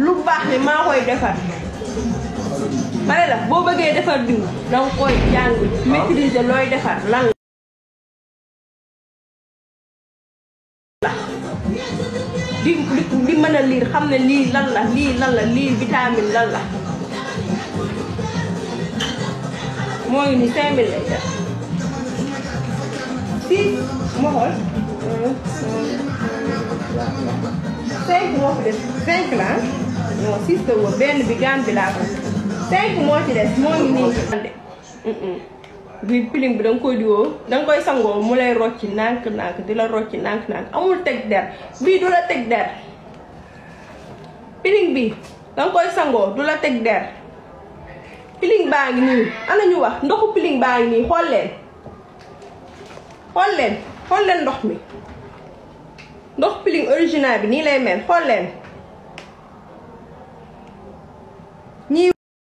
lu baax ni maa koy defar ma ne la boo bëggee defar diw danga koy jàng maîtriser looy defar lan la di di di mën a lire xam ne lii lan la lii lan la lii vitamine lan la moo ngi ni cinq mille lay def si ma xool cinq moo ko def cinq la non six de benn bi gaan bi laa ko cinq moo ci des moo ngi nii nga koy nga sangoo mu lay nànk nànk di la rocci nànk nànk amul teg der bii du la teg der piling bi da koy sangoo du la teg der piling baa ngi nii ñu wax ndoxu piling baa ngi nii xool leen xool leen ndox mi ndox piling original bi nii lay mel xool leen